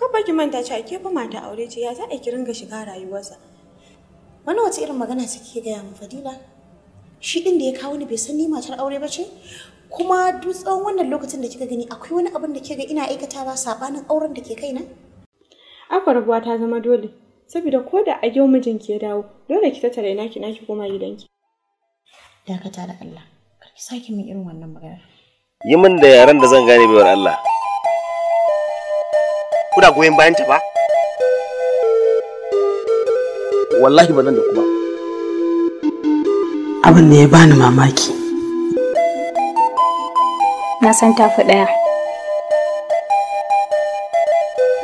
Kabba ki manta ce ake fa aure ce ya za a ki ringa shiga rayuwarsa. Wani wace irin magana suke gaya mu Fadila? Shi din da ya kawo ni bai san ni matar aure ba ce? Kuma duk tsawon wannan lokacin da kika gani akwai wani abin da ke ga ina aikatawa sabanin auren da ke kaina? Akwai rabuwa ta zama dole. Saboda ko da a yau mijinki ya dawo, dole ki tattara ina ki naki koma gidanki. Dakata da Allah. sake min irin wannan magana yi min da yaran da zan gane baiwar Allah kuna goyon bayan ta ba wallahi ba nan da kuma abin da ya bani mamaki na san tafi ɗaya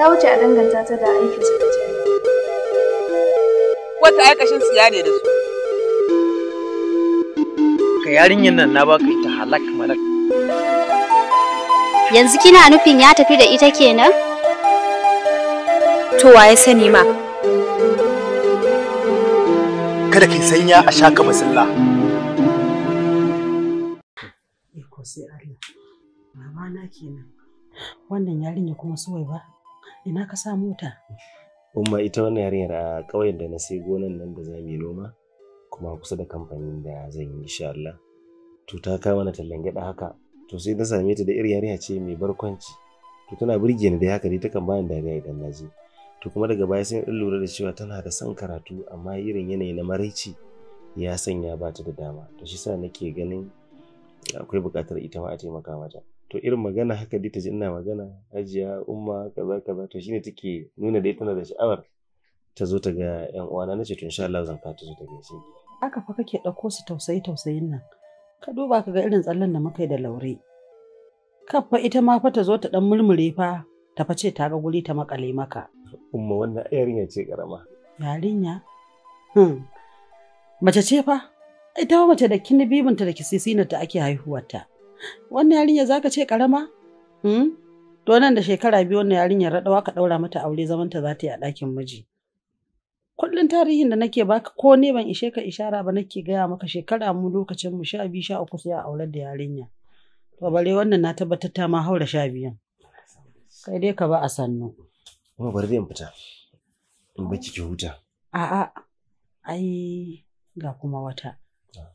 ta wuce a danganta ta da aikin sakacin wata aikashin siya ne da su ka yarinyar nan na baka ita halak malak yanzu kina nufin ya tafi da ita kenan to waye sani ma kada kai sanya a shaka masalla ko sai Allah mama na kenan wannan yarinya kuma suwai ba ina ka sa mota umma ita wannan yarinyar a ƙauyen da na sai gonan nan da za mu yi noma kuma kusa da kamfanin da zan yi insha Allah to ta kama na tallan gyaɗa haka to sai na same ta da iri yariya ce mai barkwanci to tana burge ni dai haka dai takan bani dariya idan na je to kuma daga baya sai na lura da cewa tana da son karatu amma irin yanayi na maraici ya sanya ba ta da dama to shi sa nake ganin akwai buƙatar ita ma a taimaka mata to irin magana haka dai ta ji ina magana hajiya umma kaza kaza to shine take nuna dai tana da sha'awar ta zo ta ga yan uwana nace to insha Allah zan ka ta zo ta gaishe aka fa kake dauko su tausayi tausayin nan ka duba ka ga irin tsallen da muka yi da laure kaffa ita ma fa ta zo ta dan murmure fa ta face ta ga guri ta makale maka umma wannan yarinya ce karama yarinya hmm mace ce fa ita mace da kin bibinta da kisisina ta ake haihuwarta wannan yarinya zaka ce karama hmm to nan da shekara biyu wannan yarinya radawa ka daura mata aure zaman ta za ta yi a dakin miji kullum tarihin da nake baka ko ne ban ishe ka ishara ba nake gaya maka shekara mu lokacin mu sha biyu sha uku sai a aurar da yarinya to bare wannan na tabbatar ta ma haura sha biyan kai dai ka ba a sannu kuma bari zan fita in ba ki huta a'a ai ga kuma wata ah.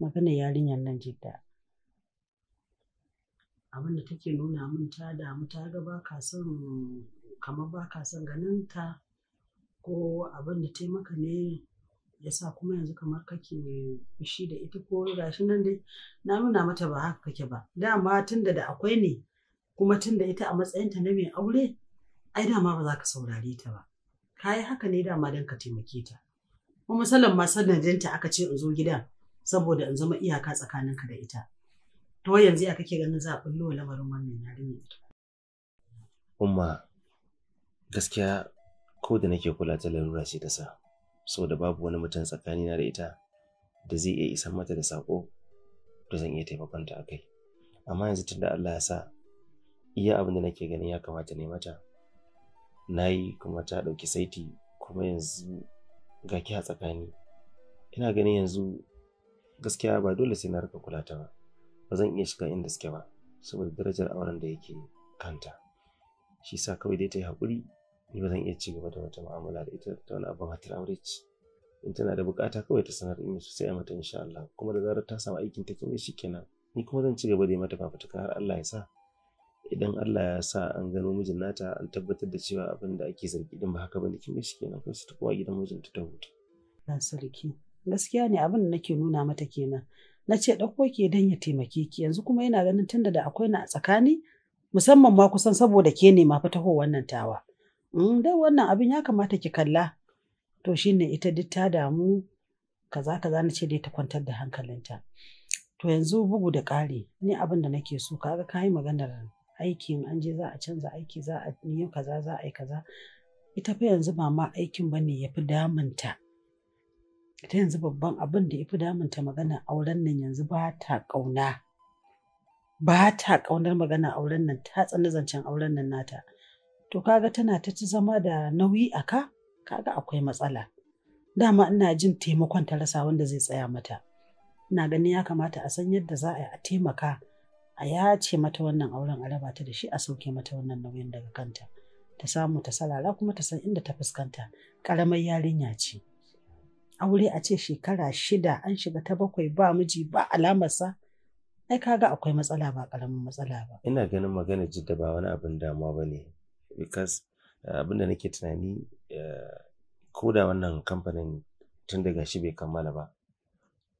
magana yarinyar nan jidda abin da take nuna min ta damu ta ga ba ka son kamar ba ka son ganin ta ko abin da taimaka ne ya sa kuma yanzu kamar kake fushi da ita ko gashi nan dai na nuna mata ba haka kake ba dama tunda da akwai ne kuma tunda ita a matsayinta na mai aure ai dama ba za ka saurare ta ba ka yi haka ne dama don ka taimake ta kuma salon ma ta aka ce in zo gidan saboda in zama iyaka tsakaninka da ita to yanzu ya kake ganin zaɓin a bullo lamarin wannan yarinya umma gaskiya ko da nake kula ta larura ce ta sa saboda babu wani mutum tsakanina da ita da zai iya isan mata da sako da zan iya taimakon ta akai amma yanzu tunda Allah ya sa iya abin da nake ganin ya kamata ne mata na yi kuma ta ɗauki saiti kuma yanzu ga ki a tsakani ina ganin yanzu gaskiya ba dole sai na rika kula ta ba ba zan iya shiga inda suke ba saboda darajar auren da yake kanta shi sa kawai dai ta yi haƙuri ni ba zan iya ci gaba da wata mu'amala da ita ta wani abu matar aure ci. in tana da bukata kawai ta sanar in su sai a mata insha Allah kuma da zarar ta samu aikin ta kin shikenan kenan ni kuma zan ci gaba da yi mata fafutuka har Allah ya sa idan Allah ya sa an gano mijin nata an tabbatar da cewa abin da ake zargi din ba haka bane kin shikenan kenan kai su ta kowa gidan mijinta ta huta na sarki gaskiya ne abin da nake nuna mata kenan na ce ɗauko ke dan ya taimake ki yanzu kuma yana ganin tunda da akwai na a tsakani musamman ma kusan saboda ke ne ma fitaho wannan tawa Mm, da wannan abin ya kamata ki kalla to shi ne ita duk ta damu kaza kaza na ce dai ta kwantar da hankalinta to yanzu bugu da ƙari ni abin da nake so kaga ka yi maganar aikin an je za a canza aiki za a yi kaza za a yi kaza ita fa yanzu ba ma aikin bane ya fi damunta ita yanzu babban abin da ya fi damunta maganar auren nan yanzu ba ta ƙauna ba ta ƙaunar maganar auren nan ta tsani zancen auren nan nata to kaga tana ta ci zama da nauyi a ka kaga akwai matsala dama ina jin taimakon ta rasa wanda zai tsaya mata ina ganin ya kamata a san yadda za a yi a taimaka a yace mata wannan auren a raba ta da shi a sauke mata wannan nauyin daga kanta ta samu ta salala kuma ta san inda ta fuskanta karamar yarinya ce aure a ce shekara shida an shiga ta bakwai ba miji ba alamarsa ai kaga akwai matsala ba karamin matsala ba ina ganin magana jidda ba wani abin damuwa ba ne because eh, abinda nake tunani eh, ko da wannan kamfanin tun daga shi bai kammala ba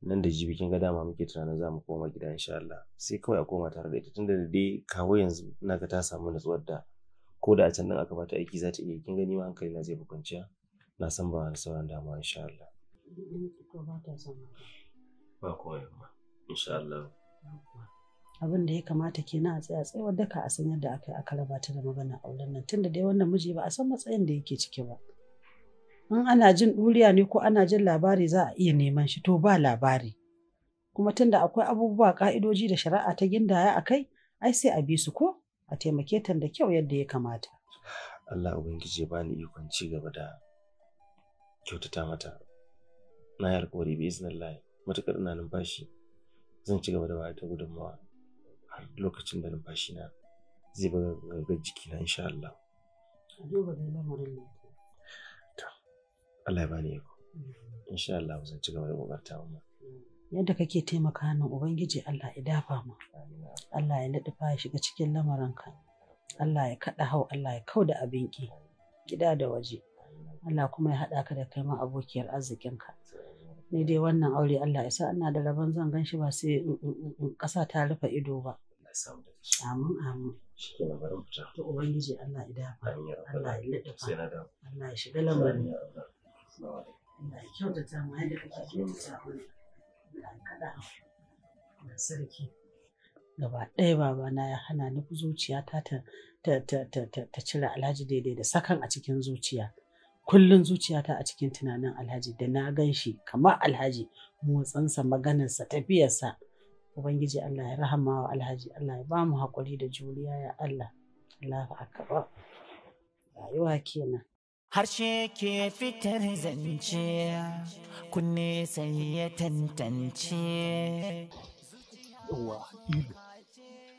nan da jibi kin ga dama muke tunanin za mu koma gida insha Allah sai kawai a koma tare da ita tunda da dai kawo yanzu ina ga ta samu natsuwar da ko da a can nan aka bata aiki za ta iya kin gani ma hankali na zai fi kwanciya na san ba wani sauran damuwa insha Allah ba kowa insha Allah abin da ya kamata ke na a tsaya tsayawar daka a san yadda aka aka raba ta da maganar auren nan tunda dai wannan miji ba a san matsayin da yake ciki ba in ana jin duriya ne ko ana jin labari za a iya neman shi to ba labari kuma tunda akwai abubuwa ka'idoji da shari'a ta gindaya a kai ai sai a bi su ko a taimake ta da kyau yadda ya kamata Allah ubangiji ba ni ikon ci gaba da kyautata mata na yi alƙawari bi iznillah matuƙar ina numfashi zan ci gaba da wata gudunmawa lokacin da numfashi na zai ba ga jiki jikina insha Allah. Duba da lamarin nan. To, Allah ya bani yau. Mm. Insha Allah zan ci gaba da bukata mu. Yadda kake taimaka nan Ubangiji Allah ya dafa mu. Allah ya naɗi fa shiga cikin lamarinka. Allah ya kaɗa hau Allah ya kau da abin ki. Gida da waje. Allah kuma ya haɗa ka da kai ma abokiyar arzikinka. Ni dai wannan aure Allah ya sa ina da rabon zan gan shi ba sai ƙasa ta rufe ido ba. samu da shi amin gaba ɗaya babana ya hana ni zuciyata ta cire alhaji daidai da sakan a cikin zuciya kullum zuciyata a cikin tunanin alhaji da na gan shi kamar alhaji motsinsa maganarsa tafiyarsa ubangiji Allah ya rahama wa alhaji Allah ya ba mu haƙuri da juriya ya Allah Allah kaɓa rayuwa kenan harshe ke fitar zance kunne sai ya tantance Yawwa,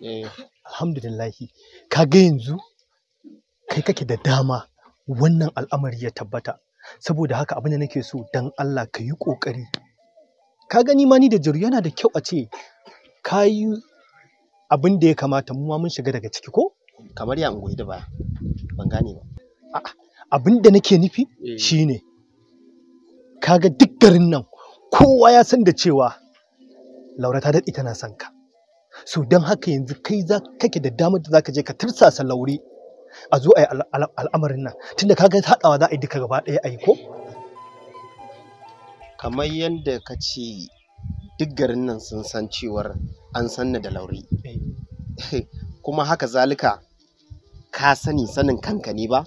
eh alhamdulillahi ga yanzu kai kake da dama wannan al'amari ya tabbata saboda haka abin da nake so don Allah ka yi ƙoƙari ka gani ma ni da jaru yana da kyau a ce ka yi abin da ya kamata mu ma mun shiga daga ciki ko kamar ya ungoyi da baya ban gane ba a'a abin da nake nufi eh. shine kaga duk garin nan kowa ya san da cewa Laura ta daɗe tana son ka so don haka yanzu kai za kake da damar da zaka je ka tursasa laure a zo a yi al'amarin nan tunda kaga haɗawa za a yi duka gaba ɗaya a yi ko kamar yadda ka ce duk garin nan sun san cewar an san ni da lauri kuma haka zalika ka sani sanin kanka ne ba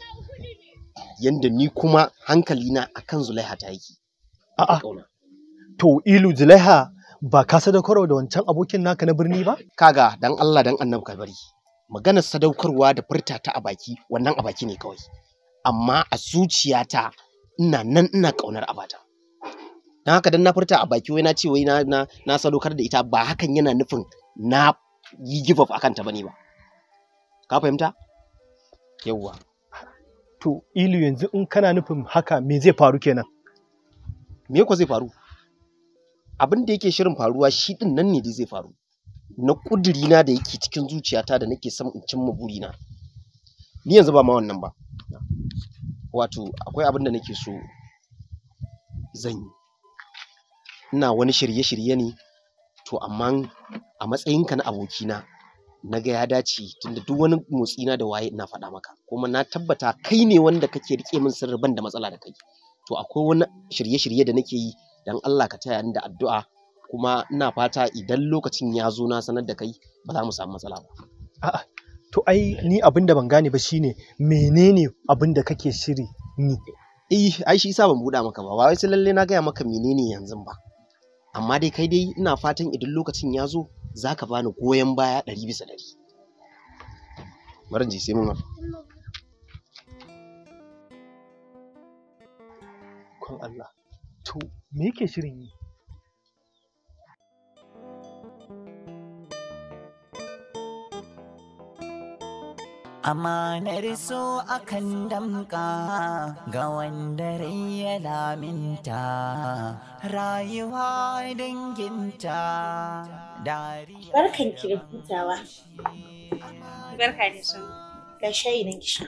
yadda ni kuma hankali hankalina kan zulaiha ta yake a'a to ilu zulaiha ba ka sadaukarwa da wancan abokin naka na birni ba kaga dan Allah dan annabi ka bari maganar sadaukarwa da furta ta a baki wannan a baki ne kawai amma a zuciyata ina nan ina ƙaunar abata Na haka dan na furta a baki wai na ce wai na na, sadaukar da ita ba hakan yana nufin na yi give up akan ta bane ba ka fahimta yawwa to ilu yanzu in kana nufin haka me zai faru kenan me ko zai faru abin da yake shirin faruwa shi din nan ne da zai faru na kudirina da yake cikin zuciyata da nake son in cimma burina ni yanzu ba ma wannan ba wato akwai abin da nake so zan yi ina wani shirye-shirye ne to amma a matsayinka na abokina na ga ya dace tunda duk wani motsi na da waye ina faɗa maka kuma na tabbata kai ne wanda kake rike min sirri ban da matsala da kai to akwai wani shirye-shirye da nake yi dan Allah ka taya ni da addu'a kuma ina fata idan lokacin ya zo na sanar da kai ba za mu samu matsala ba a'a to ai ni abin ban gane ba shine menene abin da kake shiri ni eh ai shi yasa ban buɗa maka ba ba wai sai lalle na gaya maka menene yanzu ba amma dai kai dai ina fatan idan lokacin ya zo za ka bani goyon baya ɗari bisa ɗari maranji sai kun Allah to me yake shirin yi Amanar so akan damka ga wanda ya laminta rayuwa danginta dari. Barkan ki da hutawa. Barka da su. Ga shayi nan kisha.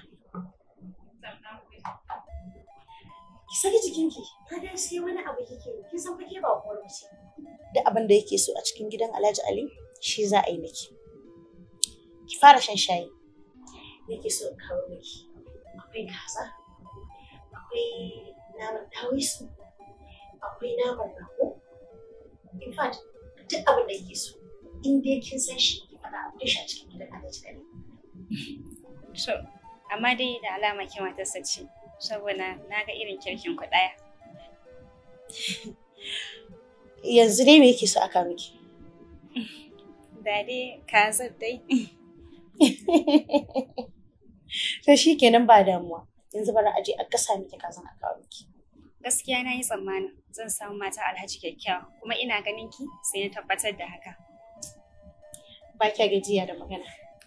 Ki saki jikinki, ka ga sai wani abu kike yi, kin san fa ke ba kuwar Da abin da yake so a cikin gidan Alhaji Ali shi za a yi miki. Ki fara shan shayi. nake so in kawo miki akwai kaza akwai naman dawisu akwai naman rago in fact duk abin da ke so in dai kin san shi ki faɗa a da cikin gidan ci kare so amma dai da alama kin matarsa sace saboda na ga irin kirkin daya yanzu dai me yake so aka miki da dai kazar dai to shi kenan ba damuwa. Yanzu bari a je a kasa miki kazan a kawo miki. Gaskiya na yi tsammani zan samu mata Alhaji kyakkyawa kuma ina ganin ki sai na tabbatar da haka. Ba kya gajiya da magana.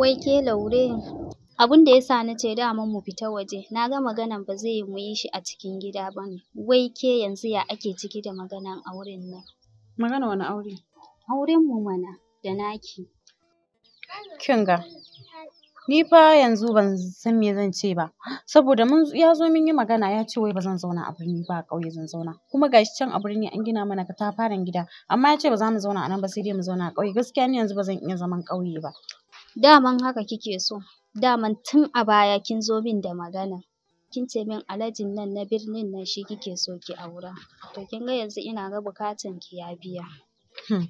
wai ke Laure abunda yasa nace daman mu fita waje naga maganan ba zai yiwu muyi shi a cikin gida bane wai ke yanzu ya ake ciki da maganan auren nan maganan wani aure auren mu mana da naki kinga ni fa yanzu ban san me zan ce ba saboda mun ya zo mun yi magana ya ce wai ba zan zauna a birni ba a ƙauye zan zauna kuma gashi can a birni an gina mana katafaren gida amma ya ce ba za mu zauna a nan ba sai dai mu zauna a ƙauye gaskiya ni yanzu ba zan iya zaman ƙauye ba daman haka kike so daman tun a baya kin zo min da magana kin ce min alhajin nan na birnin nan shi kike so ki aura to kin ga yanzu ina ga bukatan ki ya biya hmm.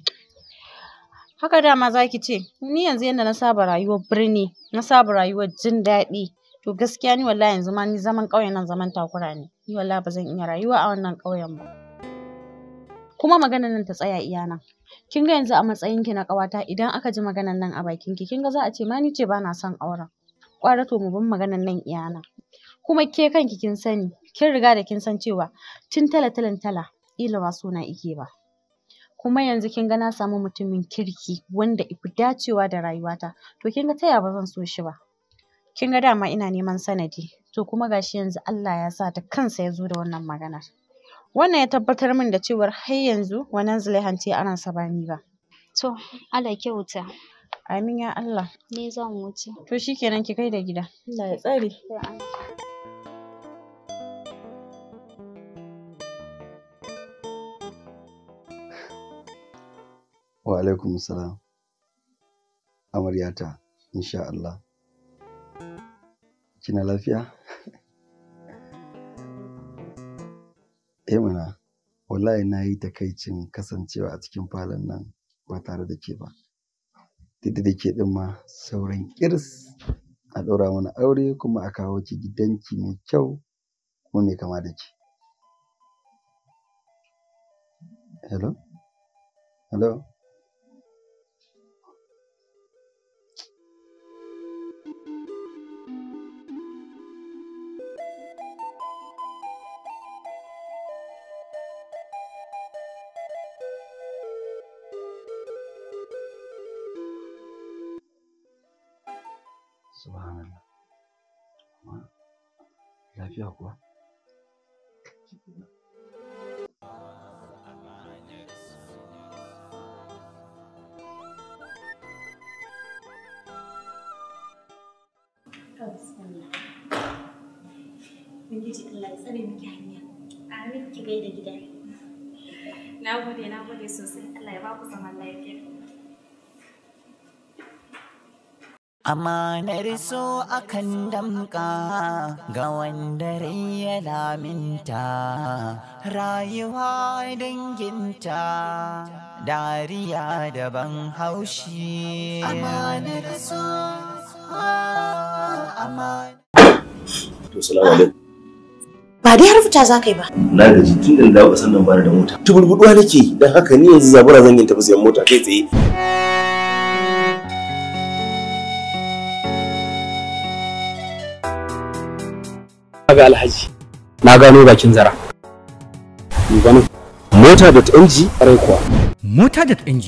haka dama za ki ce ni yanzu yadda na saba rayuwar birni na saba rayuwar jin daɗi to gaskiya ni wallahi yanzu ma ni zaman ƙauyen nan zaman takura ne ni wallahi ba zan iya rayuwa a wannan ƙauyen ba kuma maganar nan ta tsaya iya nan kin ga yanzu a matsayin ki na ƙawata idan aka ji maganan nan a bakin ki kin ga za a ce ma ni ce bana son auren ƙwara to mu bin maganan nan iyana kuma ke kanki kin sani kin riga da kin san cewa tun tala talan tala ila ba suna ike ba kuma yanzu kin ga na samu mutumin kirki wanda ifi dacewa da rayuwata to kin ga ta ya ba zan so shi ba kin ga dama ina neman sanadi to kuma gashi yanzu Allah ya sa da kansa ya zo da wannan maganar wannan ya tabbatar min da cewar har yanzu wannan Zulaihan ce aransa ba ni ba to Allah kyauta amin ya Allah ni zan wuce to shikenan ki kai da gida Allah ya tsare wa alaikum salam amaryata insha Allah kina lafiya Eh mana, wallahi na yi takaicin kasancewa a cikin falon nan ba tare da ke ba. Duk da ke ɗin ma sauran ƙirs a ɗora mana aure kuma a kawo ki gidanki mai kyau kuma mai kama da ke. Hello? Hello? Na gode, Amanar so akan damka ga wanda rai ya laminta, rayuwa danginta, dariya daban haushi. Amanar so salamu alaikum ba dai har fita za ka yi ba na gaji tun da dawo kasan nan bara da mota tuburbuduwa nake dan haka ni yanzu zabura zan yin tafi sayan mota kai tsaye ga alhaji na gano bakin zara mota.ng rai kuwa mota.ng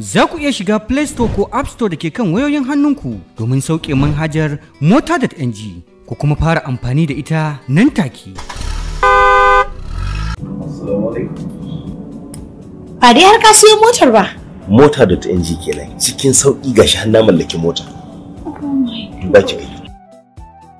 za ku iya shiga Play Store ko App Store da ke kan wayoyin hannunku domin sauƙe manhajar mota.ng ku kuma fara amfani da ita nan take. Ba dai har ka siyo motar ba. Mota.ng kenan cikin sauƙi ga shi na mallaki mota. Duba ki gani.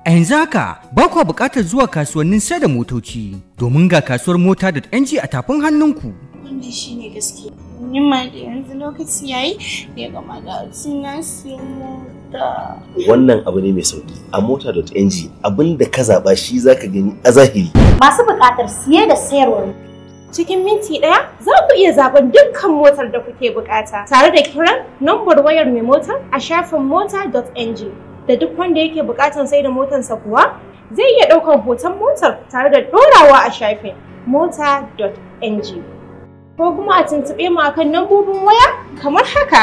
A yanzu haka ba kuwa buƙatar zuwa kasuwannin sai da motoci domin ga kasuwar mota.ng a tafin hannunku. Wannan ne gaskiya. nima da yanzu lokaci yayi da ya gama da na siyo mota. Wannan abu ne mai sauki a mota.ng abinda ka zaba shi ka gani a zahiri. Masu buƙatar siye da sayarwar Cikin minti ɗaya za ku iya zaɓen dukkan motar da kuke buƙata tare da kiran nambar wayar mai motar a shafin mota.ng da duk wanda yake buƙatar sai da motarsa kuwa zai iya ɗaukar hoton motar tare da ɗorawa a shafin mota.ng. ko kuma a tuntuɓe mu akan lambobin waya kamar haka.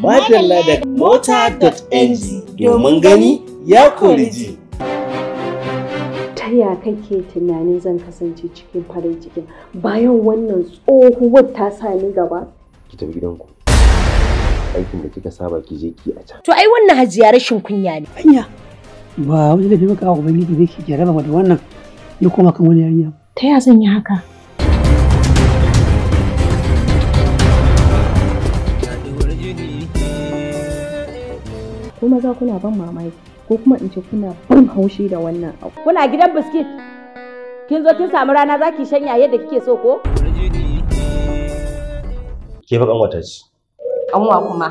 Madalla da mota.ng domin gani ya kori ji. Ta ya kake tunanin zan kasance cikin farin cikin bayan wannan tsohuwar ta sami gaba? Ki tafi gidanku. Aikin da kika saba ki je ki a can. To ai wannan hajiya rashin kunya ne. Anya ba wani da bi maka ubangiji ne ki jaraba da wannan ya koma kan wani yarinya. Ta ya zan yi haka? maza kuna ban mamaki ko kuma in ce kuna ban haushi da wannan abu kuna gidan biskit kin zo kin samu rana zaki shanya yadda kike so ko ke fa kanwata ce kanwa kuma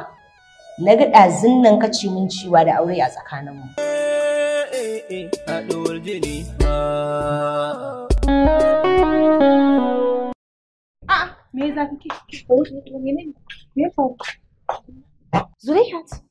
na ga ɗazin nan ka ci ciwa da aure a tsakaninmu haɗuwar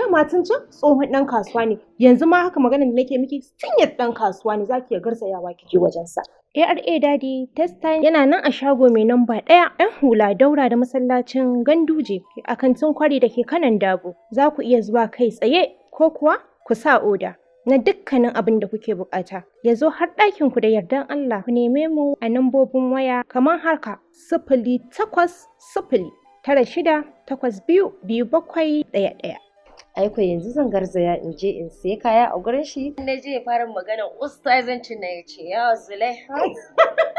dama matan can tsohon dan kasuwa ne yanzu ma haka maganar da nake miki sanya ɗan kasuwa ne zaki ya garzayawa kike wajen sa ARA Daddy time yana nan a shago mai namba ɗaya ‘yan hula daura da masallacin ganduje a kantin kwari da ke kanan dabo. Za ku iya zuwa kai tsaye ko kuwa ku sa oda na dukkanin abin da kuke bukata. Ya zo har ɗakin ku da yardan Allah ku neme mu a nambobin waya kamar haka sifili takwas sifili tara shida takwas biyu biyu bakwai ɗaya ɗaya. aiko yanzu zan garzaya in je in sai kaya a gurin shi na je fara maganar ustazancin na ya ce ya zulai